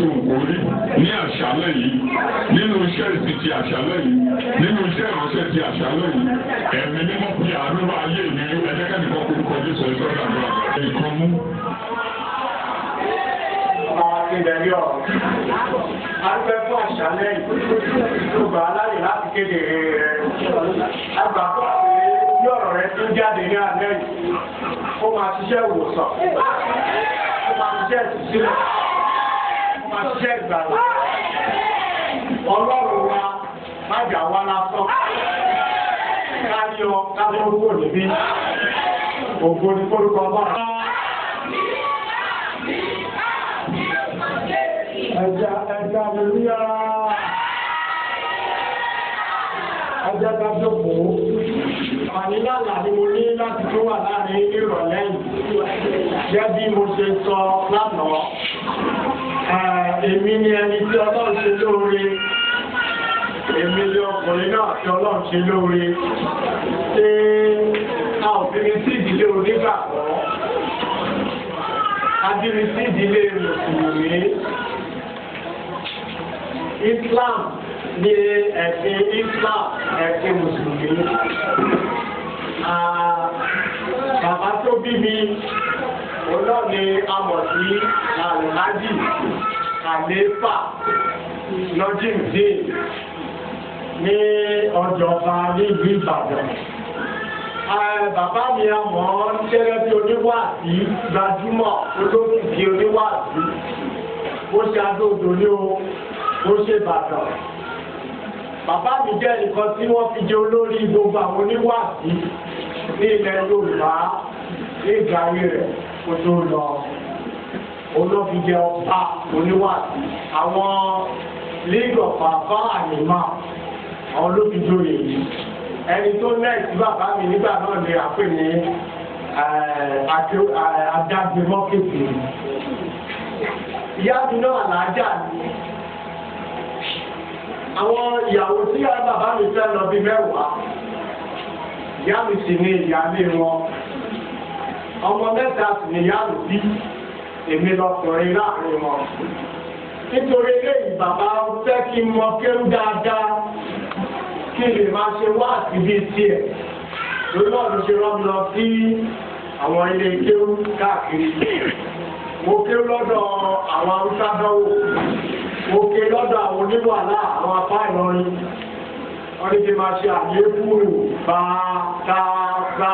ti wù kó rí ní àṣálẹ́ yìí nínú iṣẹ́ ìsìn ti àṣálẹ́ yìí nínú iṣẹ́ ìránṣẹ́ ti àṣálẹ́ yìí ẹ̀mí mímọ́ fi àánú bá ayé mi ẹ̀ẹ́dẹ́gẹ́ni kan kórúkọ Jésù ẹ̀ṣọ́ ìdàgbà ẹ̀kan mú. Ìdẹ̀yọ̀, a fẹ́ fún àṣálẹ́ ìtúgbà aláyè láti kéde rẹ̀. Àgbà fún àpèrè ní ọ̀rọ̀ rẹ̀ tó jáde ní alẹ́ yìí. Ó máa ṣiṣẹ́ ìwòsàn. Ó máa ṣiṣẹ́ ìtúsílẹ̀ máa jẹ́ ìgbàlá. Ọlọ́run wa má jà wá lásán. Káyọ̀ kábọ̀ owó níbí. Ògo ni kórìkọ bá. Ẹja ẹja lè ní ara. Ẹja ká jókòó. Àníná làdí mo ní láti tó wà láàrin ìrọ̀lẹ́ yìí. bí mo ṣe sọ lánàá èmi ni ẹni tí ọlọ́run ṣe lóore èmi ni ọkùnrin náà tí ọlọ́run ṣe lóore ṣé a ò fi mi sí ìdílé onígbàgbọ́ adìrí sí ìdílé mùsùlùmí Islam ní ẹ̀sìn Islam ẹ̀sìn mùsùlùmí bàbá tó bí mi òun náà ni a mọ̀ sí alhaji àléfà lọ́jìndín ní ọjọ́ba nílùú ìbàdàn. bàbá mi a mọ̀ ọ́ gẹ́gẹ́ bí oníwàásí gbajúmọ̀ olókìkí oníwàásí ó ṣe adóòdò ní o ó ṣe bàtàn. bàbá mi jẹ́ nǹkan tí wọ́n fi jẹ olórí gbogbo àwọn oníwàásí ní ilẹ̀ yorùbá ní ìgbà ayé rẹ̀ kó tó lọ olófijẹ ọba oníwàsí àwọn league of afa àyèmá àwọn olófijẹ òye yìí ẹni tó nẹ́ẹ̀sì bàbá mi nígbà náà ni àpè ní eh, adágbé eh, mọ́kèsì ìyá mi náà làájà ni àwọn ìyàwó tí bàbá mi fẹ́ lọ bí mẹ́wàá ìyá mi sì ní ìyá mi wọn ọmọ mẹ́ta nìyáàlú bí èmi lọkùnrin láàrin wọn nítorí eléyìí bàbá fẹ́ kí n mọ kéwú dáadáa kí n lè máa ṣe wá àtibí tiẹ̀ lórí ọ̀dọ̀ ṣe rán mi lọ sí àwọn ilé kéwú káàkiri mo kéwú lọ́dọ̀ àwọn haúsá dánwò mo ké lọ́dọ̀ àwọn oníwàlá àwọn apá ìlọrin wọ́n ní kí n máa ṣe àlékún bá tá bá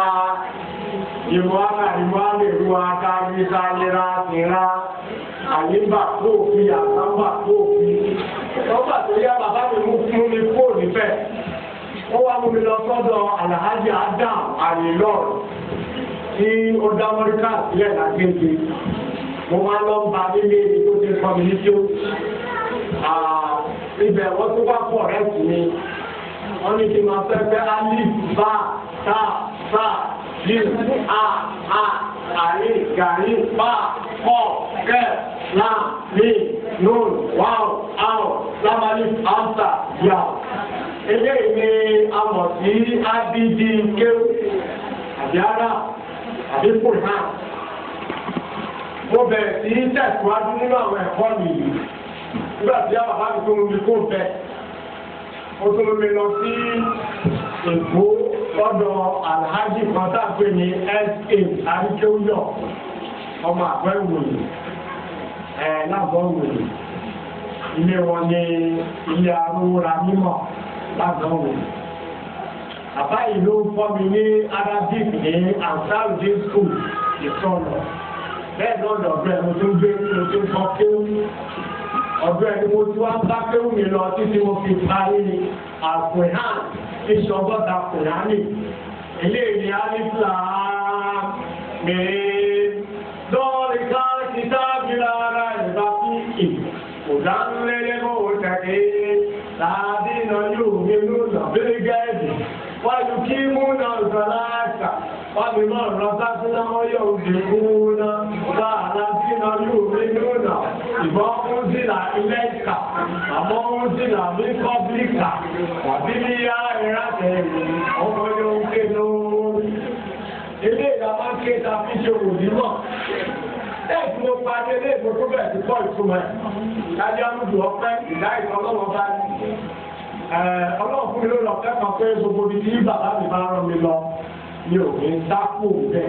ìmọ̀ọ́nà ìmọ̀ọ́nà ìlú akáyí sáyẹ́rá tìrá àyíbà tó fi àtàmbà tó fi lọ́gbà tó yá bàbá mi mú fún mi fóònù fẹ́ ó wá mú mi lọ sọ́dọ̀ alhaji adam àyèlọ́ tí ó dá mọ́ríkà sílẹ̀ lágbègbè mo máa lọ bá nílé ibi tó ti kọ́ mi ní tí ó ibẹ̀ wọ́n tó bá kọ̀ rẹ̀ sí mi wọ́n ní kí n máa fẹ́ fẹ́ alif bá tá tá lil a a ali gani ba kọ kẹ na mi nun waw aw lamali amsa ya. eléyìí ni a mọ̀ sí abidi kéwù àbí ara àbí kùnà mo bẹ̀rẹ̀ sí tẹ̀síwájú nínú àwọn ẹ̀kọ́ mi yìí nígbà tí a bàbá mi tó ń bí kó bẹ́ẹ̀ ó tó mi lọ sí Èkó lọ́dọ̀ alhaji kọ́tà pé ní sa àríkéwúyọ̀ ọmọ àgbẹ̀ ìwòyè ẹ̀ lábọ̀ ìwòyè ilé wọn ní ilé arúgbóra mímọ̀ lábọ̀ ìwòyè. Bàbá yìí ló ń fọ́ mi ní Arabic ní Ansaruddin school ìsọ̀nà bẹ́ẹ̀ lọ́dọ̀ bẹ́ẹ̀ mo tún gbé mo tún kọ́ kéwú ọ̀dọ́ ẹni mo ti wá bá kéwù mi lọ títí mo fi parí ni àpòyàn ìṣọgọ́ta àpòyàn ni eléyìí alifla mi lọ́ọ̀rì ká kíkà mi lára ìgbà fíìkì kò dánú lẹ́lẹ́mọ̀ òun tẹ̀lé láàbí náà yóò mi lónà bẹ́ẹ̀ gẹ́ẹ̀dì wáyé kí múna ìfàlàkà wáyé máa rọ́ká sí náà yọ òkè múna láàrá sí náà yóò rí múna ìbọn ń dìlà ilé ìkà àmọ́ ń dìlà ní pọ́blíkà wàbí ní yá ìrántẹ̀ ọmọ yóò ké lórí. ilé ìdámá ké ta fi ṣe òdì náà ẹ̀sùn mo pa ní ilé ìfowópamẹ́sì pọ̀ ìtumọ̀ ẹ̀ lájọ́ àlùjù ọpẹ́ ìdá ìtọ́lọ́wọ́ bá ní. Eh, ọlọ́run fún mi ló lọ kẹ́kọ̀ọ́ pé gbogbo ibi tí bàbá mi bá rán mi lọ mi ò ní dákú bẹ́ẹ̀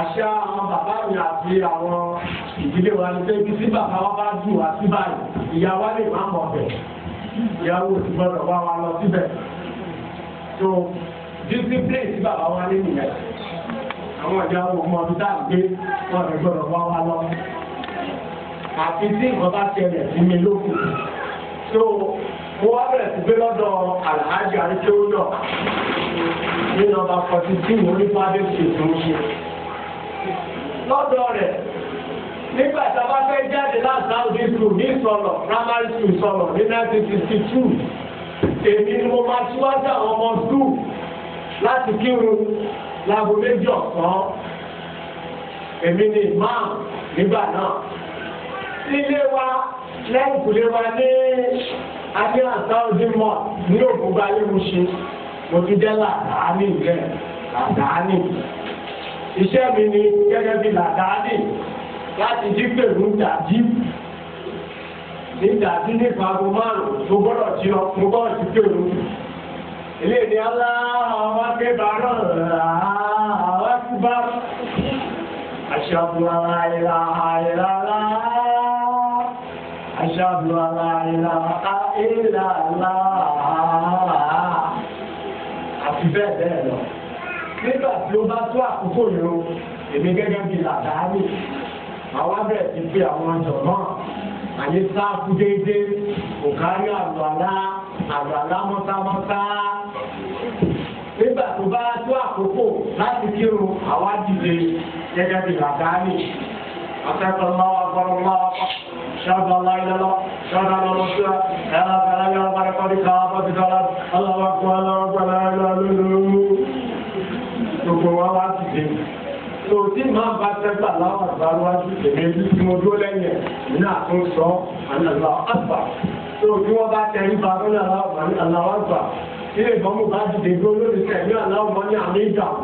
àṣà àwọn bàbá mi àti àwọn ìdílé wa ni pé ibi tí bàbá wa bá jù wá sí báyìí ìyá wa lè má mọ̀ bẹ̀ ìyàwó ti gbọ́dọ̀ wá wa lọ síbẹ̀ tó discipline tí bàbá wa ní nìyẹn àwọn ìyá wo mọ ọdún tá à ń gbé wọn lè gbọ́dọ̀ wá wa lọ àti tí nǹkan bá ṣẹlẹ̀ sí mi lókùn so mo wá bẹ̀rẹ̀ sí pé lọ́dọ̀ alhaji aríkéwò náà ní nọ́mbà forty two mo ní fáwọn ṣe tó ń ṣe lọ́dọ̀ rẹ̀ nígbà tá a bá fẹ́ jáde láti Saudi school ní sọ̀lọ̀ primary school sọ̀lọ̀ ní nineteen sixty two èmi ni mo máa ṣíwájú àwọn ọmọ school láti kírun láago méjì ọ̀sán èmi ni imam nígbà náà ilé wa lẹ́yìn kùlé wa ní adé àtàwọ̀dé mọ̀ ní òkúba ayélujára mo ti jẹ́ làdáni rẹ̀ làdáni. iṣẹ́ mi ni gẹ́gẹ́ bí làdáni láti jí pẹ̀lú dàjí ní dàjí nípa aago márùn-ún tó gbọ́dọ̀ jí ọ mo gbọ́dọ̀ jí pẹ̀lú. ilé ni aláwọ̀ akébárọ̀ àwọn akúbá aṣọ àbúrò àìlà àìlà. أشهد أن لا إله إلا الله àti bẹ́ẹ̀ bẹ́ẹ̀ lọ nígbà tí ó bá tó àkókò yẹn o èmi gẹ́gẹ́ bíi làdáàlì àwa bẹ̀rẹ̀ ti pe àwọn ọjọ́ náà àyè sáàkú déédéé kò kárí àlọ́ àlá àlọ́ àlá mọ́támọ́tá nígbà tó bá tó àkókò láti kírun àwa dìde gẹ́gẹ́ bíi làdáàlì àtẹ́kọ̀ọ́ lọ́wọ́ gbọ́dọ̀ lọ́wọ́. شهد الله إلا الله شهد الله رسولا ألا فلا يرى قد خاب بثلاث الله أكبر الله أكبر لا إله إلا الله gbogbo wa wá ti dé tó tí màá bá tẹ́gbà láwọn àgbàlúwájú èmi ibi tí mo dúró lẹ́yìn ẹ̀ nínú àtúnṣọ àlọ́ àgbà tó tí wọ́n bá tẹ̀rí ba lórí àlọ́ àgbà tí ìbọn mú bá dìde dúró lórí tẹ̀mí àláwọ̀ mọ́ ní àmì ìdààmú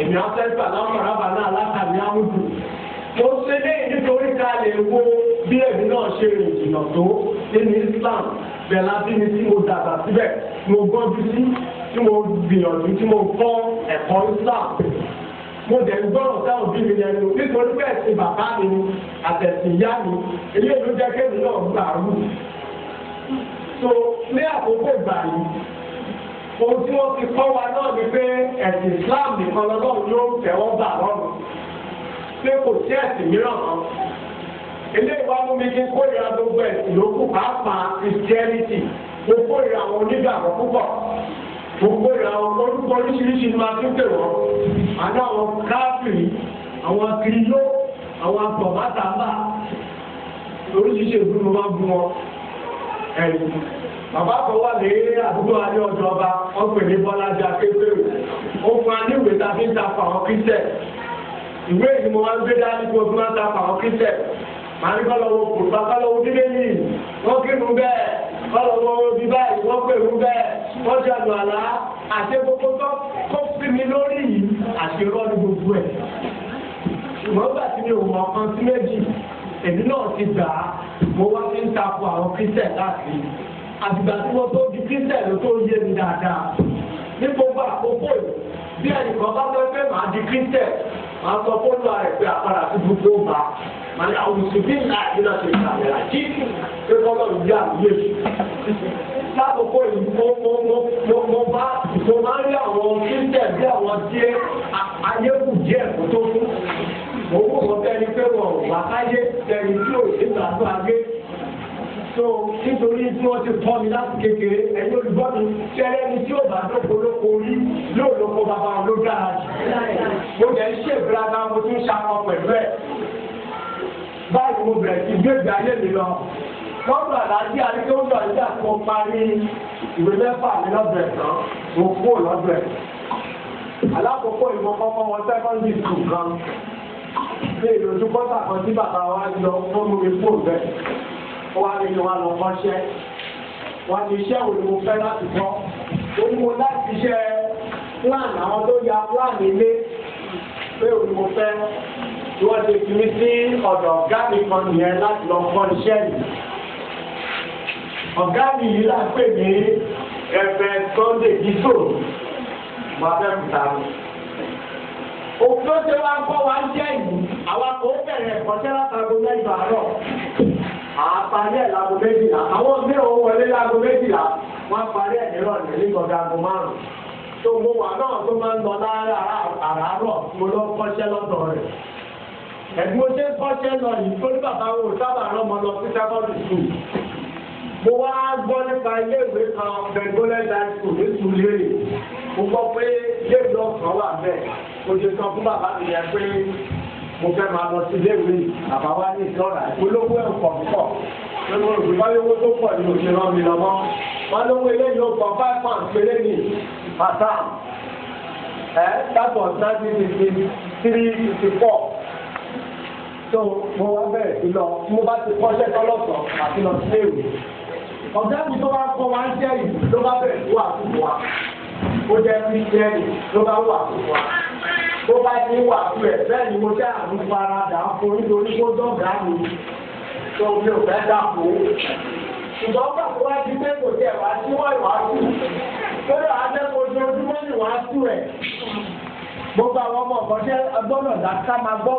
èmi afẹ́fẹ́ àláwọ̀ rábà náà látàmì àmúdù mo ṣe lé nítorí ká lè wo bí ẹ̀mí náà ṣe rìn jìnnà tó nínú Islam bẹ̀rẹ̀ láti ní tí mo dàgbà síbẹ̀ tí mo gbọ́njú sí tí mo gbìyànjú tí mo kọ́ ẹ̀kọ́ Islam mo dẹ̀ ń gbọ́rọ̀ sáwọn òbí mi lẹ́nu nítorí pé ẹ̀sìn bàbá mi ni àtẹ̀sìn ìyá mi èyí ló jẹ́ kéèmí náà gbà rú. so ní àkókò ìgbà yìí ohun tí wọ́n ti kọ́ wa náà ni pé ẹ̀sìn Islam nìkan lọ́dọ̀ yóò tẹ̀wọ́ gbà lọ́rùn pé kò sí ẹ̀sìn mìíràn kan ilé ìwádìí mi kí kórìíra gbogbo ẹ̀sìn lókù pàápàá christianity mo kórìíra àwọn onígbàgbọ́ púpọ̀ mo kórìíra àwọn orúkọ oríṣiríṣi ni máa tún pè wọ́n àná àwọn káfíìn àwọn kiriyó àwọn àgbọ̀bátàbà oríṣiríṣi ìlú ló máa ń bu wọn ẹ̀yìn bàbá kan wà ní àdúgbò alẹ́ ọ̀dọ̀ ọba ọ̀pẹ̀ ní bọ́lájà kékeré ó fún wa ní ìwé tá a fi ń ta fún àwọn kírísẹ̀ ìwé yìí mo máa ń gbé dání kó o fi máa ń ta fún àwọn kírísẹ̀ màá ní kọ́lọ́ wo kùrùbá kọ́lọ́ wo bíbélì wọ́n kírun bẹ́ẹ̀ kọ́lọ́ wo bí báyìí wọ́n pèrú bẹ́ẹ̀ wọ́n ti àlọ́ àlá àti gbogbo tó kó sí mi lórí yìí àti rọ́ọ̀lù gbogbo ẹ̀ ṣùgbọ́n gbà tí mi ò mọ̀ kan sí méjì èmi náà ti gbà á mo wá fi ń takò àwọn kírísẹ̀ káàkiri àtìgbà tí mo tó di kírísẹ̀ ló tó yé mi dáadáa ní gbogbo àkókò yìí bí ẹnìkan bá fẹ́ fẹ́ màá di kírísẹ̀ màá sọ fóònù àrẹ̀ pé àpárá tó dúró bá a màá ní àwọn mùsùlùmí náà ìlà tó ìlà àyàrá jí pé kọ́lọ́ ìdí àwùjọ yìí. lákòókò yìí mo mo mo mo mo bá mo máa rí àwọn kíntẹ̀ bí àwọn díẹ̀ ayéwu díẹ̀ kó tó fún. mo wò wọ́n tẹ́ni pé wọ́n wà káyé tẹ́ni tí ò sí gbàgbọ́ àgbé so nítorí tí wọ́n ti tọ́ mi láti kékeré ẹ̀yin olùgbọ́ mi tẹ́lẹ̀ ni tí ó bá lóko lóko orí yóò lóko bàbá wọn ló dára jù. mo jẹ́ ń ṣèbúra gan mo tún ṣakọ pẹ̀lú ẹ̀ báyìí mo bẹ̀rẹ̀ sí gbégbé ayé mi lọ lọ́dọ̀ àlàájì àdékéwọ́dọ̀ àti àtúntò parí ìwé mẹ́fà mi lọ́dọ̀ ẹ̀ tán mo kú lọ́dọ̀ ẹ̀. alákòókò ìmọ̀kọ́kọ́ wọn sẹ́kọ́ndì skul kan ṣe ìròjú bọ́tà kan tí bàbá wa lọ fún mi fún bẹ́ẹ̀ wọ́n á lè ní wọn lọ kọ́ṣẹ́ wọ́n ti iṣẹ́ wo ni mo fẹ́ láti kọ́ òun mo láti iṣẹ́ plan àwọn tó ya plan ilé pé òun mo fẹ́ tí wọ́n ti fi mí sí ọ̀dọ̀ ọ̀gá mi kan nìyẹn láti lọ fọ́ iṣẹ́ mi. ọ̀gá mi yìí là ń pè ní ẹ̀fẹ̀ Sunday dídò mọ́tẹ́kùtà. òfin tó wá ń kọ́ wa ń jẹ́ yìí àwa kò bẹ̀rẹ̀ ẹ̀kọ́ṣẹ́ látago mẹ́jọ àárọ̀. àpárí ẹ̀ lágo méjìlá àwọn ọ̀gbẹ́ òun wọlé lágo méjìlá wọ́n parí ẹ̀ nírọ̀lẹ́ nígbọ̀dọ̀ àgọ́ márùn-ún tó mo wà náà tó máa ń lọ lára àràárọ̀ mo lọ kọ́ṣẹ́ lọ́dọ̀ rẹ̀ ẹ̀gbọ́n ṣe ń kọ́ṣẹ́ lọ yìí tó ní bàbá wo sábà rọmọ lọ sí secondary school mo wá gbọ́ nípa iléèwé kan bengolan high school nítorí léèrè mo gbọ́ pé iléèwé ọ̀kan wà bẹ́ẹ̀ mo ṣe sọ fún bàbá mi yẹn pé mo fẹ́ máa lọ sí iléèwé bàbá wa ní ìtọ́ra ìpolówó ẹ̀kọ́ púpọ̀ pẹ̀lú olùgbàlówó tó pọ̀ ní òṣèlú mi lọ́mọ́ wọn lówó eléyìí ó kọ́ five pounds péré ní pàtàkì ẹ̀ tábọ̀ ninety fifty three fifty four tó mo wá bẹ̀rẹ̀ sí lọ mo bá ti kọ́ṣẹ́ tọ́lọ́sọ̀ àti lọ sí èwe ọ̀gá mi tó bá kọ́ wa ń jẹ́rìí ló bá bẹ̀rẹ̀ sí wà fún wa ó jẹ́ fi jẹ́rìí ló bá wà fún wa tó bá ti wà fún ẹ̀ bẹ́ẹ̀ ni mo jẹ́ àrùn farada fún nítorí kó dọ̀gá mi tó mi ò fẹ́ dàpọ̀ ṣùgbọ́n pàtó wá di pé kò tiẹ̀ wá sí wọ́n ìwà sí lórí àádẹ́kọ̀ọ́ ojoojúmọ́ ni sí rẹ̀ gbogbo àwọn ọmọ ọ̀gọ́dẹ́ gbọ́dọ̀ dá ká máa gbọ́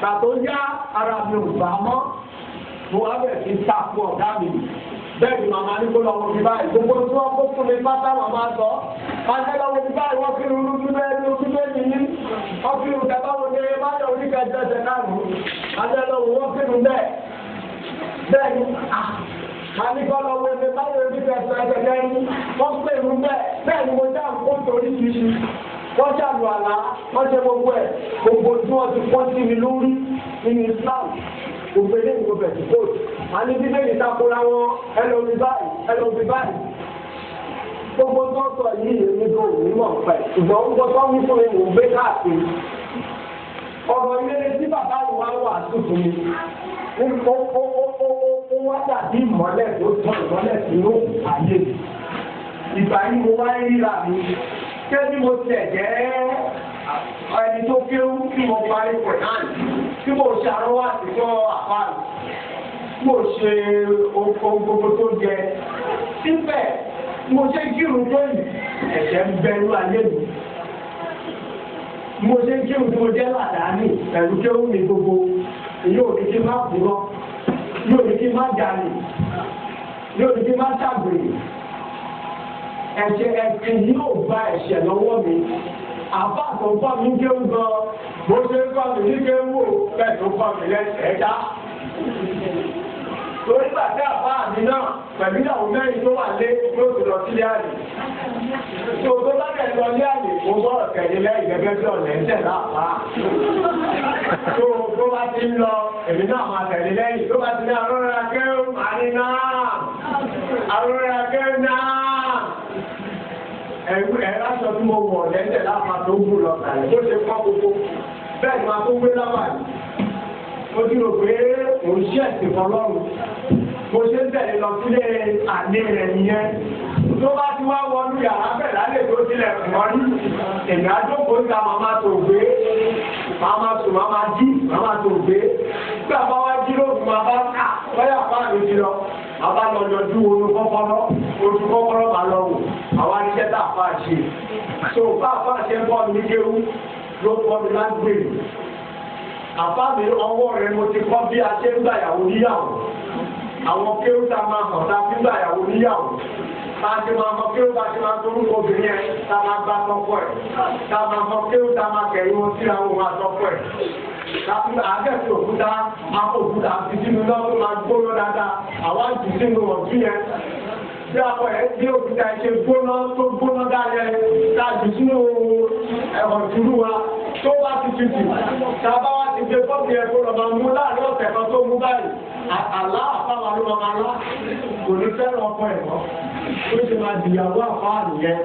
gbàtó yá ara mi ò bá mọ́ mo wá bẹ̀rẹ̀ sí sàkó ọ̀gá mi bẹ́ẹ̀ ni màmá ní kó lọ́wọ́ mi báyìí gbogbo tí wọ́n kó fún mi pátá màmá sọ adéláwo ti báyìí wọ́n fi irun lójú bẹ́ẹ̀ ní ojú bẹ́ẹ̀ nìyí wọ́n fi irun kẹta wọn ní báyọ̀ oníkà jẹjẹ káàrún adéláwo wọ́n fi irun bẹ́ẹ̀ bẹ́ẹ̀ ni àní kọ́ lọ́wọ́ mi báyọ̀ oníkà jẹjẹ káàrún wọ́n fi irun bẹ́ẹ̀ bẹ́ẹ̀ ni mo dá nǹkó torí wọ́n ṣàlù àlá wọ́n ṣe gbogbo ẹ̀ gbogbo tí wọ́n ti pọ́n sí mi lórí nínú Islam gbogbo eléyìí gbogbo ẹ̀ ti kóòtù a ní bíbélì takora wọn ẹlòmí báyìí ẹlòmí báyìí gbogbo tó sọ yìí èmi tó òun mọ̀ pẹ̀ ṣùgbọ́n ń gbọ́dọ̀ wí fún mi mò ń gbé káàkiri ọ̀rọ̀ ilé tí bàbá yìí wá wà tuntun mi ó ó ó ó ó wá dàbí ìmọ̀lẹ̀ tó tán ìmọ̀lẹ̀ sínú àyè ìgbà yìí mo wá ń ríra mi ṣé bí mo tilẹ̀ jẹ́ ẹni tó kéwú kí mo parí kùnán tí mo ṣe àrọ́wọ́ àtijọ́ àpáàlù tí mo ṣe ohun gbogbo tó jẹ síbẹ̀ mo ṣe kírun tó yìí ẹ̀ṣẹ̀ ń bẹnu alẹ́ mi mo ṣe kírun tó jẹ́ làdáni pẹ̀lú kéwú mi gbogbo èyí ò ní kí n má kú lọ yóò ní kí n má jalè yóò ní kí n má ṣàgbèrè ẹ̀ṣẹ̀ ẹ̀ṣẹ̀ yóò gba ẹ̀ṣẹ̀ lọ́wọ́ mi àbá tó fà mí kéwù gan bó ṣe fà mí ní kéwù bẹ́ẹ̀ tó fà mí lẹ́sẹ̀ dá. torí bàtẹ́ àbá mi náà pẹ̀lú àwọn mẹ́rin tó wà lé yóò ti lọ sílé àlè. tó tó bá kẹ̀ lọ ní àlè mo gbọ́dọ̀ tẹ̀lé lẹ́yìn gẹ́gẹ́ bí ọ̀nà ẹ̀ṣẹ̀ láàpá. tó tó bá ti ń lọ èmi náà máa tẹ̀lé lẹ́yìn tó bá ti ní arọ́ra kẹ́hùn àní náà arọ́ra kẹ́hùn náà ẹ̀rọ aṣọ tí mo wọ̀ lẹ́sẹ̀ láàmà tó ń bù lọ sàlẹ̀ tó ṣe pọ́ gbogbo bẹ́ẹ̀ ni máa tó gbé lábàlì mo ti rò pé òun ṣí ẹ̀sìn fọlọ́run mo ṣe ń tẹ̀lé lọ sílé àlè rẹ̀ nìyẹn tó bá ti wá wọnú yàrá bẹ̀ lálẹ́ tó tilẹ̀ fún ọ ní èmi àjókòó ta màmá tó gbé màmá tó màmá jí màmá tó gbé gbà bá wá jí lóògùn màmá ká wáyà fáàlì ti lọ màmá lọ yọjú oorun fọ́fọ́ náà ojú kọ́kọ́rọ́ máa àwọn iṣẹ́ tá a fà ṣe so bá a fà ṣe bọ́ mi léwu ló kọ́ mi lágbèrè àbá mi ọwọ́ rẹ mo ti kọ́ bí a ṣe ń gbàyàwó níyàwó àwọn kéwù tá a máa hàn tá a fi gbàyàwó níyàwó tá a ti máa mọ kéwù tá a ti máa torúkọ obìnrin yẹn tá a máa gbá tọkọ ẹ tá a máa mọ kéwù tá a máa kẹ̀yìn wọn síra wọn máa tọkọ ẹ láti àgẹ́sì òkúta akókúta àti sínú lọ́wọ́ máa gbóná dáadáa àwọn àjù ọ̀dún yẹn tí akọ yẹn dé òkúta ṣe gbóná tó gbóná dálẹ̀ tá a jù sínú ẹ̀họ̀n dúró wa tó bá tutù tá a bá wá ti ṣe fọ́ọ̀mù yẹn kó lọ́ba mú láàrin ọ̀sẹ̀ kan tó mú báyìí àlá àfáwà ló máa lá kò ní fẹ́ràn ọkọ ẹ̀ mọ́ ó ṣe máa dìyàwó àfáà nìyẹn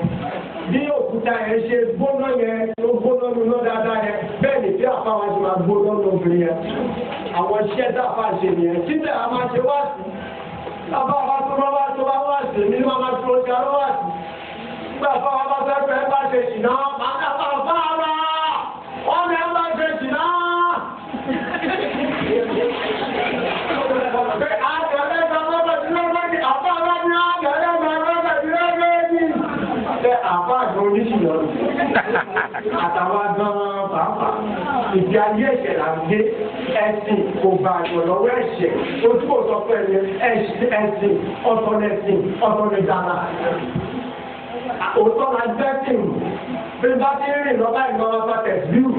bí òkúta yẹn ṣe gbóná yẹn tó gbóná lóná dáadáa yẹn bẹ́ẹ̀ ni bí àfáwà ṣe máa gbóná lóbìnrin yẹn àwọn iṣẹ́ tá a fà ṣe nìyẹn síbẹ̀ a máa ṣe wá sí bàbá wa tó bá wá tó bá wá sí mi máa máa tó ti arọ́ wá sí. nígbà bá wa bá fẹ́ fẹ́ bá ṣe jìnnà máa ń bá wa ọmọ ẹ bá ṣe jìnnà. oríṣiríṣi àtàwọn gan-an pàápàá ìdí ayé ẹ̀ṣẹ̀ là ń gbé ẹ̀sìn kò bá àyàn lọ́wọ́ ẹ̀ṣẹ̀ ojú kò sọ pé ẹ̀sìn ọ̀tọ̀ lẹ̀sìn ọ̀tọ̀ lè dára òótọ́ la gbẹ́ sí mi bí bá ti rìn lọ́ba ìgbà wọn bá tẹ̀ sí mi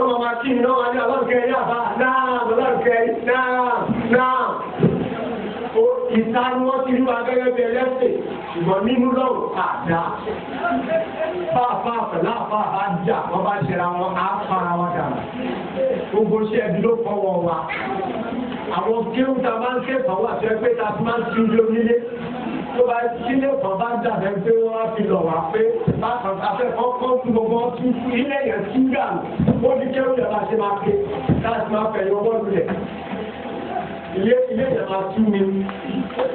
lọ́wọ́ máa kí mi lọ́wọ́ ní ọlọ́ọ̀kẹ́ yàrá náà ọlọ́ọ̀kẹ́ náà náà ìta ni wọ́n ti rí wa gẹ́gẹ́ bí ẹlẹ́sìn ṣùgbọ́n nínú lọ́rùn àdá fáfá pẹ̀lú àfáàfá jà wọ́n bá ṣera wọn á fara wọn dànù gbogbo iṣẹ́ ẹbí ló fọwọ́ wa àwọn kéwù tá a máa ń kẹ́kọ̀ọ́ wà tó ẹ pé tá a ti máa ń ti ń lo nílé tó bá sílé kan bá dàbẹ̀ pé wọ́n á fi lọ̀ wá pé bákan afẹ́kọ̀ọ́ kọ́ tún gbogbo tún ilé yẹn tún dànù ó ní kéwù yẹn bá ṣe máa pé tá a ti máa fẹ̀yìn ọgbọ́n lulẹ̀ ilé ilé ìjọba tú mi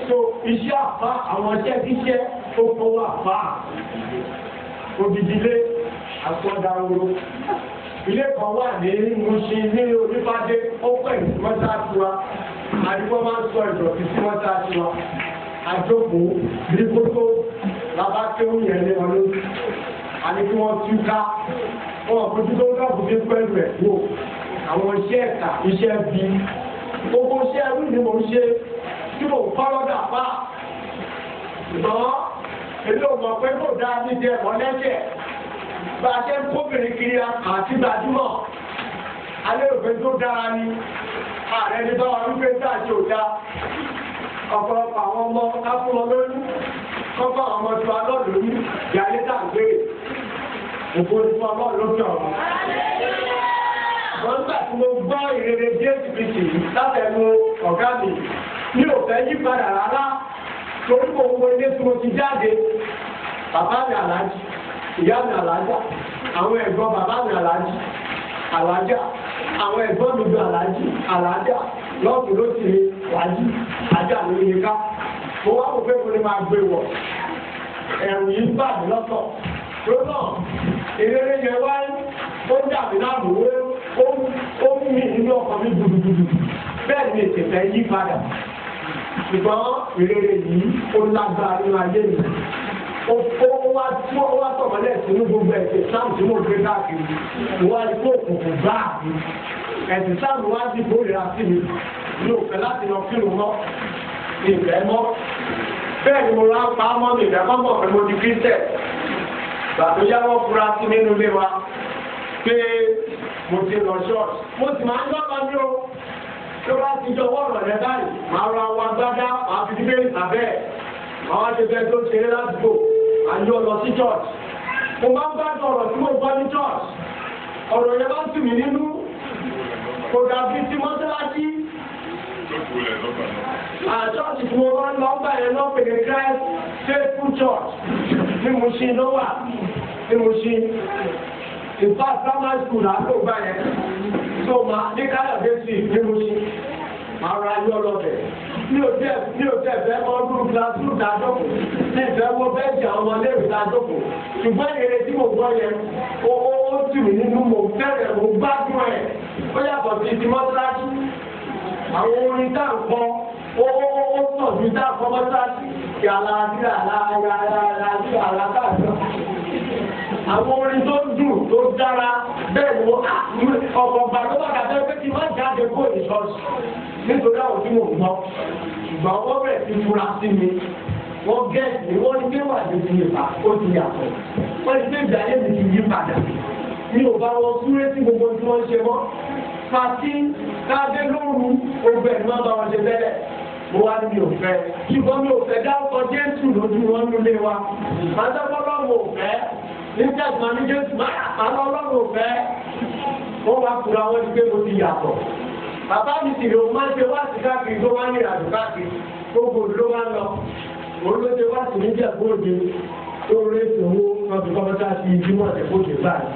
so iṣẹ́ àfa àwọn iṣẹ́ iṣẹ́ tó fọwọ́ àfa òbídìlé àtọ́dáwòrò ilé kan wà ní Mùṣín ní onífàdé ọpẹ́ ìmọ̀tàtúwa àdúgbò máa ń sọ ìdọ̀tí sí mọ́tàtúwa àjọpọ̀ bí kótó bàbá kéwù yẹn lé wọn lórí àní kí wọ́n tú ká wọn kò tó tó ń dáàbò dé pẹ́ẹ́lú ẹ̀ wò àwọn iṣẹ́ ẹ̀ka iṣẹ́ bíi gbogbo iṣẹ́ ẹrú ni mò ń ṣe tí mò ń fọ́lọ́dà bá ṣùgbọ́n èmi ò mọ̀ pé kò dáa ní jẹ ẹ̀mọ́ lẹ́jẹ̀ bá a ṣe ń kóbìnrin kiri àti gbajúmọ̀ alẹ́ òfin tó dára ni ààrẹ ní báwa wípé tá a ṣe ò dáa ọ̀pọ̀lọpọ̀ àwọn ọmọ káfíńmọ́ lóyún kọ́kọ́ àwọn ọmọ tiwa lọ́dún yìí yàrá tá à ń gbé òfin tí wọn lọ́dún ló fi ọ̀rọ̀ tí mo gbọ́ ìrere Jésù Kristi látẹnu ọ̀gá mi mi ò fẹ́ yí padà rárá torí mo wo ilé tí mo ti jáde bàbá mi àlájì ìyá mi àlájà àwọn ẹ̀gbọ́n bàbá mi àlájì àlájà àwọn ẹ̀gbọ́n mi ju àlájì àlájà lọ́ọ̀tún ló ti rí wájú ajá ló yẹ ká mo wá wò pé mo lè máa gbé wọ̀ ẹ̀rù yìí bà mí lọ́tọ̀ tó náà ìrere yẹn wáyé ó dàbí láàmú wéwú ó mú mi nílé ọkọ mi gbùdùgbùdù bẹ́ẹ̀ ni ètè fẹ́ yí padà ṣùgbọ́n ìrere yìí ó lágbára nínú ayé mi ó wá tí ó wá tọ̀mọ́lẹ̀ sínú gbogbo ẹ̀sìn sáàmù tí mo gbé káàkiri wọ́n á kó òkùnkùn bá àbí ẹ̀sìn sáàmù wá sí ìbòrìra sí mi ní òfẹ́ láti lọ kírun mọ́ ìfẹ́ mọ́ bẹ́ẹ̀ ni mo rà ń pa á mọ́ mi ìfẹ́ mọ́ mọ́ pé mo di kírísẹ̀ gbàdúyàwó fura sí nínú ilé wa pé mo ti lọ ṣọ́ọ̀ṣì mo sì máa ń dábà ní o tó bá ti jọ wọ́ọ̀rọ̀ rẹ báyìí máa ra wa gbádá máa fi dígbé ìtàbẹ́ àwọn àṣẹfẹ́ tó ṣeré ládùúgbò àyè ọ̀lọ́ sí ṣọ́ọ̀ṣì mo máa ń bá ọ̀rọ̀ tí mo gbọ́ ní ṣọ́ọ̀ṣì ọ̀rọ̀ yẹn bá tù mí nínú kò dàbí ti mọ́sálásí àjọ́sì fún ọmọ nọ́mbà yẹn lọ pèlè Christ faithful church ní mo ṣe ìfá primary school àti ògbà yẹn tó máa ní káyọ̀dẹ́sì ní mo ṣe máa ra ayé ọlọ́dẹ ní òtí ẹ̀ ní òtí ẹ̀ fẹ́ mọ ọdún kílásírù dájọ́kù ní ìfẹ́ wo bẹ́ẹ̀jì àwọn ọmọléèwé dájọ́kù ṣùgbọ́n èrè tí mo gbọ́ yẹn ó ó ó tì mí nínú mo fẹ́rẹ̀ mo gbádùn ẹ̀ ó yàtọ̀ sí ti mọ́tíláṣí àwọn orin tá à ń kọ́ ó ó ó ó tàn ju tá à ń kọ́ mọ́tíláṣí kí aláàdúrà aláàdúrà aláàdúrà aláàdúrà àwọn orin tó dùn tó dára bẹ́ẹ̀ ni ah, ọ̀pọ̀ gbà tó bàtà tó pé kí n má jáde kó ní ṣọ́ọ̀ṣì nítorí àwọn tí mo gbọ́ ṣùgbọ́n wọ́n bẹ̀rẹ̀ sí fura sí mi wọ́n gẹ̀ẹ́sì ni wọ́n ní pé wà ní ti yípa ó ti yàtọ̀ wọ́n ti pé ìgbà yẹn ti yí padà mi ò bá wọn súré sí gbogbo tí wọ́n ṣe mọ́ pàtí káàdé lóru ọgbẹ́ ni wọ́n bá wọn ṣe bẹ́ẹ̀ mo wá ní òfẹ́ ṣùgbọ́n mi ò fẹ́ dárúkọ Jésù lójú wọn nílé wa màdàbọ́lọ́ mo nígbà tí wọn ní jésù máa lọ lọ́rùn fẹ́ wọn wá kura wọn ti gbé mo ti yàtọ̀ bàbá mi sì lò máa ń ṣe wá sí káàkiri tó wá ní ìrìnàjò káàkiri gbogbo ló máa ń lọ òun ló ṣe wá sí níjà gbòde tó rẹ ìṣòwò wọn fi kọ́mọ́tà sí ìdímọ̀ ẹ̀kọ́jẹ̀ báyìí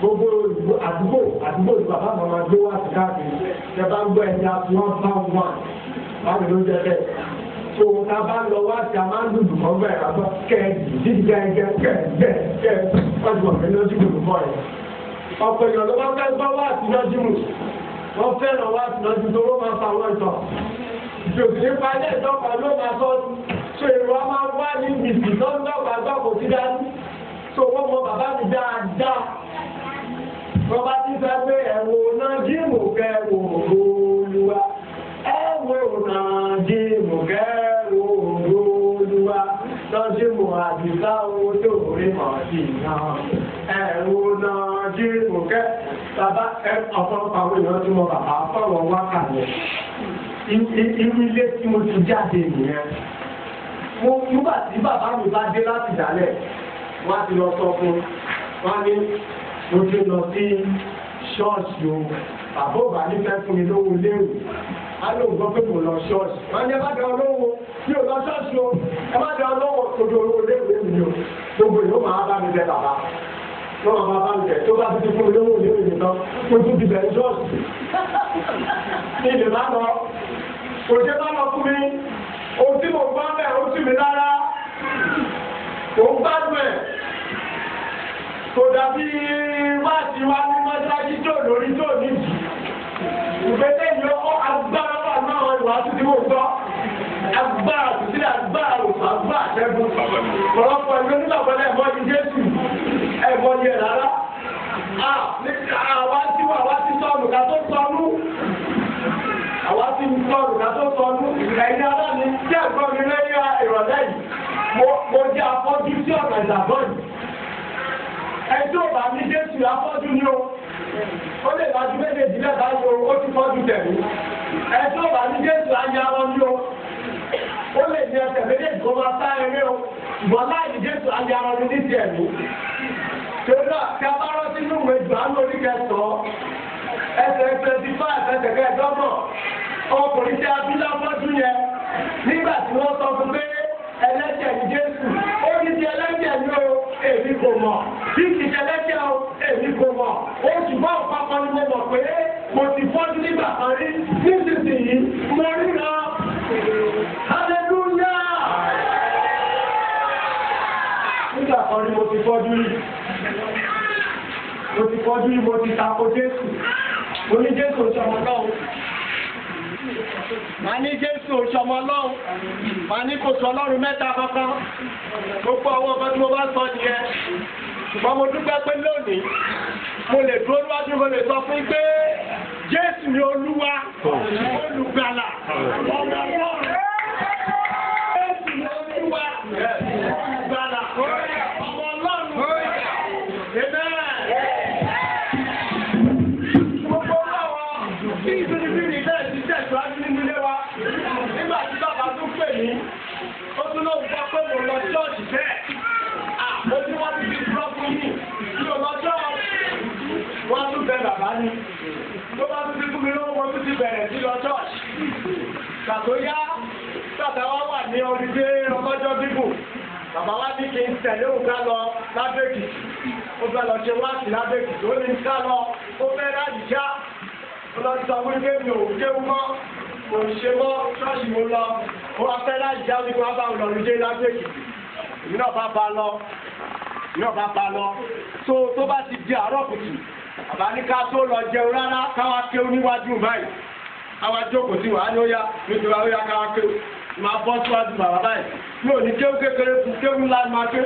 gbogbo ìlú àdúgbò àdúgbò ìlú bàbá màmá gbé wá sí káàkiri ṣẹ bá ń gbọ́ ẹ̀jẹ̀ àti wọn bá wọn wà báwo ló jẹ bẹ́ẹ̀ tó ta bá lọ wá sí a máa ń àbọ̀ kẹ́ẹ̀dì dídì gẹ́gẹ́ kẹ́ẹ̀dẹ́ kẹ́ẹ̀ wọ́n ti wọ̀ pé lọ́jú ẹ̀. ọ̀pọ̀ èèyàn ló máa ń gbọ́ wá sí lọ́jú mu wọ́n fẹ́ràn wá sí lọ́jú tó ló máa fa àwọn ìtọ̀. ìjòsì nípa ilé ìtọ́pa ló máa sọ ṣé èrò a wá ní bìsì lọ́ńdọ̀gbà gbọ́kọ̀ sí dání. tó wọ́n àdìsá owó tó orí màá sí náà ẹ̀rù náà jí òkẹ́ bàbá ọ̀pọ̀lọpọ̀ àwọn èèyàn tí mo bàbá fọ̀rọ̀ wá kàlẹ̀ inú ilé tí mo ti jáde nìyẹn nígbà tí bàbá mi bá dé láti dálẹ̀ wọ́n ti lọ sọ fún wọ́n ní mo ti lọ sí ṣọ́ọ̀ṣì o bàbá ò bá nífẹ̀ẹ́ fún mi lówó léwu á ló ń gbọ́ pé kò lọ ṣọ́ọ̀ṣì. wọ́n ní ẹ bá dá olówó tí ò lọ ṣọ́ọ̀ṣì o ẹ bá dá olówó kojú olówó o gbogbo yóò máa bá mi bẹ bàbá yóò máa bá mi bẹ tó bá ti fún mi lówó léwé mi tán kó tún ti bẹ ṣọ́ọ̀ṣì. ìdè má lọ òṣè má lọ fún mi ohun tí mo gbọ́ bẹ́ẹ̀ ó sì mi lára òun gbádùn ẹ̀ kò dàbí wáàtí wá ní mọ́ṣáájú tó lórí tó níjì ìgbẹ́tẹ̀ yọ ọ́ agbára wà náà wọn ìwà tó ti wò gbọ́ agbára tó agbára òfò agbára àtẹ́gùn ọ̀pọ̀lọpọ̀ ìwé nígbà pẹ̀lú ẹ̀mọ́ ti Jésù ẹ̀mọ́ ni ẹ̀ rárá àwa ti wà wá ti sọnù ká tó sọnù àwa ti sọnù ká tó sọnù ẹ̀yin ará mi tí ẹ̀gbọ́n mi lẹ́yìn ìrọ̀lẹ́ yìí mo jẹ́ afọ́jú sí ọ̀nà ìdàgbọ́ yìí ẹjọ́ bá mi Jésù afọ́jú ni ó lè lájú méje tọ́jú tẹ̀mí ẹjọ́ bá ní jésù ayé ní o ó lè ní ẹsẹ̀ méjèèjì kó máa sá eré o ṣùgbọ́n láì jésù ayé àwọn ní tẹ̀mí tẹ́lá tí a bá rántí ní ìwé jù á lórí kẹsàn-án ẹsẹ̀ twenty five ẹsẹ̀ kẹẹ̀dọ́gbọ̀n ọkùnrin tí a bí lápọ́jú yẹn nígbà tí wọ́n sọ fún pé ẹlẹ́jẹ̀ ní jésù èmi kò mọ̀ bí ìṣẹ̀lẹ̀ jẹ́ o èmi kò mọ̀ oṣù bá òpá kan ni mo mọ̀ pé mo ti fọ́jú nígbà kan rí nísinsìnyí mo ríran hallelujah nígbà kan ni mo ti fọ́jú rí mo ti fọ́jú rí mo ti tako Jésù mo ní Jésù sọ̀rọ̀ náà màá ní jésù òṣọmọ ọlọ́run màá ní kò sọ ọlọ́run mẹ́ta kankan gbogbo àwọn ọmọ tí mo bá sọ nìyẹn ṣùgbọ́n mo dúpẹ́ pé lónìí mo lè dúró níwájú mo lè sọ fún pé jésù ni olúwa olùgbàlà ọmọ ọlọ́run. tó yá tàtà wá wà ní ọdídé ọlọ́jọ́ bíbù bàbá wa ní kí n tẹ̀lé òkà lọ lábẹ́kì ó fẹ́ lọ ṣe wáàsì lábẹ́kì tó ní ká lọ ó fẹ́ láyì já ọlọ́sọ wípé mi ò kéwú mọ́ kò ṣe mọ́ ṣọ́ọ̀ṣì mo lọ ó wá fẹ́ láyì já wípé wọ́n bá wọn lọ lóde lábẹ́kì ìlú náà bá ba lọ ìlú náà bá ba lọ tó tó bá ti di àárọ̀ kùtù àbáníká tó lọ jẹun rárá káwá kéwú níwájú báyìí àwa jókòó sí wàá ní ó yá nítorí àwọn yàrá káwá ké máa bọ́ síwájú bàbá báyìí mi ò ní kéwú kékeré fún kéwú ńlá ni ké.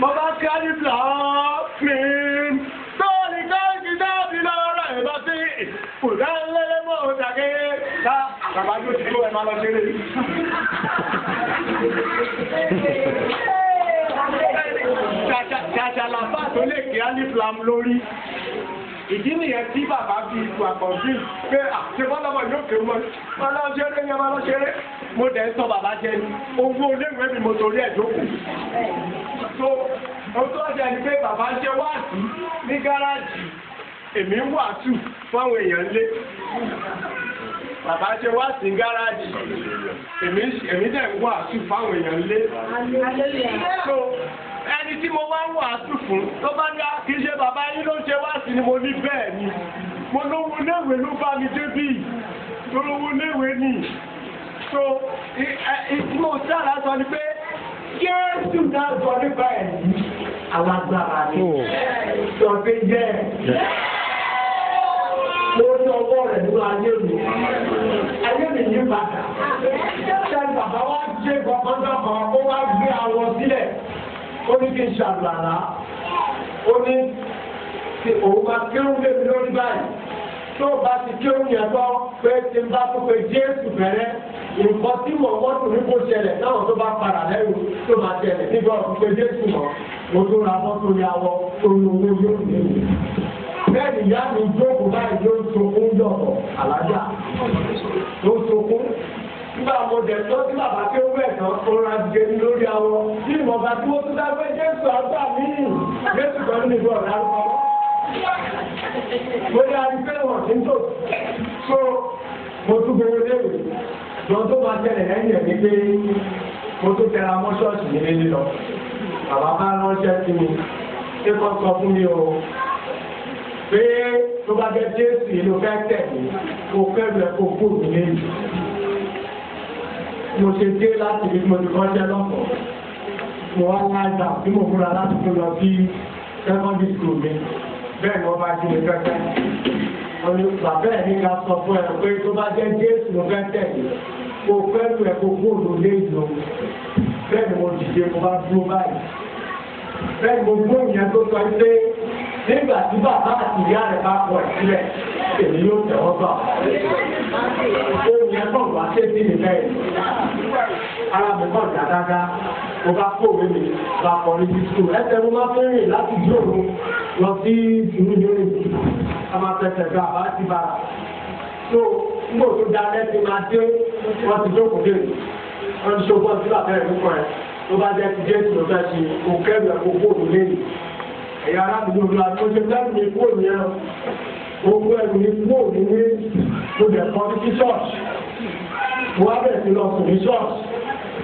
mo bá kí á ní bìlà mi sọ́ọ̀lì káàkiri dáàbì lọ́rọ̀ ẹ̀ bá sí ìkùdá ńlẹ́lẹ́ mọ́ òun tàgé ká àgbàdo tí ó ẹ̀ máa lọ kéré. Ṣàṣàlàfà tó lè kí á ní mi lórí ìdí nìyẹn tí bàbá fi ìlú àkànfin pé àtibọ́lọ́mọ yóò kéwù mọ́ ọlọ́ṣẹ́rẹ́ ni ọlọ́ṣẹ́rẹ́ mo dẹ̀ ń sọ bàbá jẹ ní owó oléwé mi mo torí ẹ̀ jókòó. so mo tó ọjà ni pé bàbá ń jẹ wáàsí ní gáràjì èmi ń wàásù fáwọn èèyàn lé bàbá ṣe wá sí gáràjì èmi dẹ̀ ń wà sí fáwọn èèyàn lé. ẹni tí mo máa ń wà sí fún tó bá ní ah, kì ṣe bàbá yín ló ṣe wá sí ni mo ní bẹ́ẹ̀ ni mo lówó léwé ló bá mi débì tó lówó léwé ni so ìtí mo sára sọ ni pé Jésù náà sọ nípa ẹ̀ àwọn agbára ni oh. sọ pé yẹ mo sọ ọwọ́ rẹ̀ nínú ayé mi sì ní bàtà. Ṣé bàbá wa jẹ́ gbọ̀ngàn kan ó wá gbé àwọn sílẹ̀? Ó ní kí n ṣàlàlá. Ó ní ti òun máa o bá ti kírun yẹn gbọ́ pé ti bá tó pe Jésù bẹ̀rẹ̀. Nǹkan tí mo wọ́n tún ní kó ṣẹlẹ̀ náà tó bá padà lẹ́rù tó máa ṣẹlẹ̀ nígbà tó pe Jésù mọ̀. Mo tún ra mọ́tò ní Bẹ́ẹ̀ni ìyá mi jókòó báyìí ló ń so oúnjẹ ọ̀pọ̀ àlájá dẹ̀jọ́ tí bàbá tó bẹ̀ tán ó ra lórí awọ bí ìmọ̀ba tí wọ́n tún dágbé jésù àgbà mí jésù pẹ̀lú nìbọn lárúkọ. mo yà á fẹ́ ní tò so mo tún gbowó léwu lọ tó máa tẹ̀lé ẹ̀yìn ẹ̀mí pé mo tún tẹ̀ra mọ́ ṣọ́ọ̀ṣì mi lé lílọ bàbá bá ránṣẹ́ sí mi ṣé kọ́ sọ fún mi o pé tó bá jẹ́ jésù yìí ló fẹ́ tẹ̀ mí fẹ́ rẹ̀ kó kúrò nílé yìí mo ṣe dé láti ibi mo ti kọ́ṣẹ́ lọ́kọ̀ọ́ mo wá láìsà bí mo múra láti tó lọ sí secondary school mi bẹ́ẹ̀ ni wọ́n bá ṣe lè pẹ́pẹ́ wọ́n ní bàbá ẹ̀ ní ká sọ fún ẹ pé tó bá jẹ́ Jésù ló fẹ́ tẹ̀lé kó fẹ́ lu ẹ̀ kó kóòlù lé ìlú bẹ́ẹ̀ ni mo dìde mo bá dúró báyìí bẹ́ẹ̀ ni mo gbóyìn ẹ tó sọ pé nígbà tí bàbá àti ìyá rẹ̀ bá pọ̀ sílẹ̀ ṣe ni yóò tẹ̀wọ́ gbà. Ohun yẹn kọ̀ wá ṣé sí mi bẹ́ẹ̀. Ara mi kọ̀ dá dáadáa. Mo bá kó òwe mi bá kọ ní títú. Ẹsẹ̀ mo máa fẹ́ rìn láti dí òun lọ sí ìlú Yorùbá. A máa fẹsẹ̀ gba àbá ti bára. So nígbà tó da lẹ́sí máa dé wọ́n ti jókòó dé. Wọ́n ti ṣokọ́ sí bàbá ẹ̀ nípa ẹ̀. Tó bá jẹ́ ti Jésù ló fẹ́ ṣe òkè ẹ̀rọ ẹ̀kọ́ kóòdù lẹ́yìn. Ẹ̀yà arábìnrin olúwa tó ṣe lẹ́nu mi kóòdù yẹn lọ gbogbo ẹrù ní kúrò nílé mo dẹ̀ kọ́ ní sí ṣọ́ọ̀ṣì mo wá bẹ̀rẹ̀ sí lọ sùn ní ṣọ́ọ̀ṣì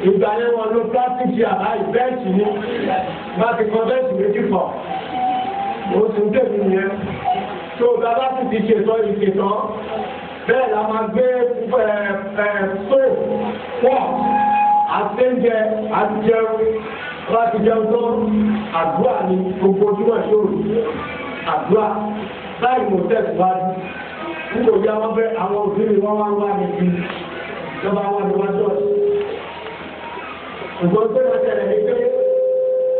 ìgbà yẹn wọn ló pílásìkì àbá ìbẹ́ẹ̀tì ni bá ti kọ́ bẹ́ẹ̀tì méjì pọ̀ mo sì ń tẹ̀lé yẹn tó o bá bá sì ti ṣètò ìṣètò bẹ́ẹ̀ la máa gbé tó pọ̀ àtẹ́jẹ àtijẹun láti jẹun tó àdúrà ní gbogbo ojúmọ̀ ìṣòro àdúrà láì mọ̀ tẹ̀síwájú nítorí àwọn fẹ́ àwọn òbí mi wọ́n wá ń wá mi sí ìjọba wa ni wọ́n jọ́ọ̀sì. ṣùgbọ́n tó lọ tẹ̀lé ní pé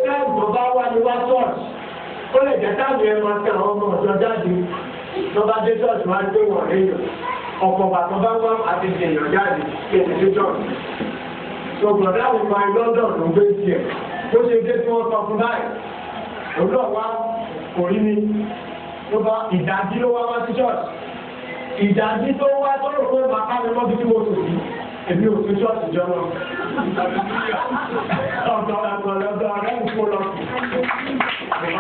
káàbọ̀ bá wá ní wá jọ́ọ̀sì ó lè jẹ́ táwọn yẹn máa tẹ àwọn ọmọ ọ̀dọ́ jáde lọ́ba dé jọ́ọ̀sì wá gbé wọ̀ léèyàn ọ̀pọ̀ bàtà bá wá àti èèyàn jáde kí èèyàn dé jọ́ọ̀sì. ṣùgbọ́n láwọn ọmọ ẹ̀ lọ́dọ̀ ló gbé tiẹ̀ bó ṣe dé tí wọ́n sọ fún báyìí òun náà wá kò rí mi ló bá ìdájí ló wá wá sí ṣọ́ọ̀ṣì ìdájí tó wá tó rò pé màá ká mi mọ́ bí tí mo tò sí èmi ò sí ṣọ́ọ̀ṣì jọ lọ. ọ̀dọ̀ ọ̀dọ̀ ọ̀dọ̀ ọ̀rẹ́ mi kò lọ.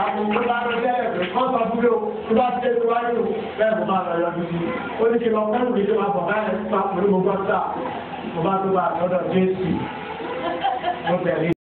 Àwọn ọmọ bá lọ bẹ́ẹ̀ rẹ̀ kọ́ sọ fún mi o, tó bá ti dé tó wáyé o, bẹ́ẹ̀ mo máa lọ yọ bí mi. Ó ní kí n lọ fẹ́ràn mi tó máa bọ̀ báyìí nípa pẹ̀lú mo gbọ́ sáà, mo bá tó wà lọ́dọ̀ Jésù. Mo tẹ̀lé.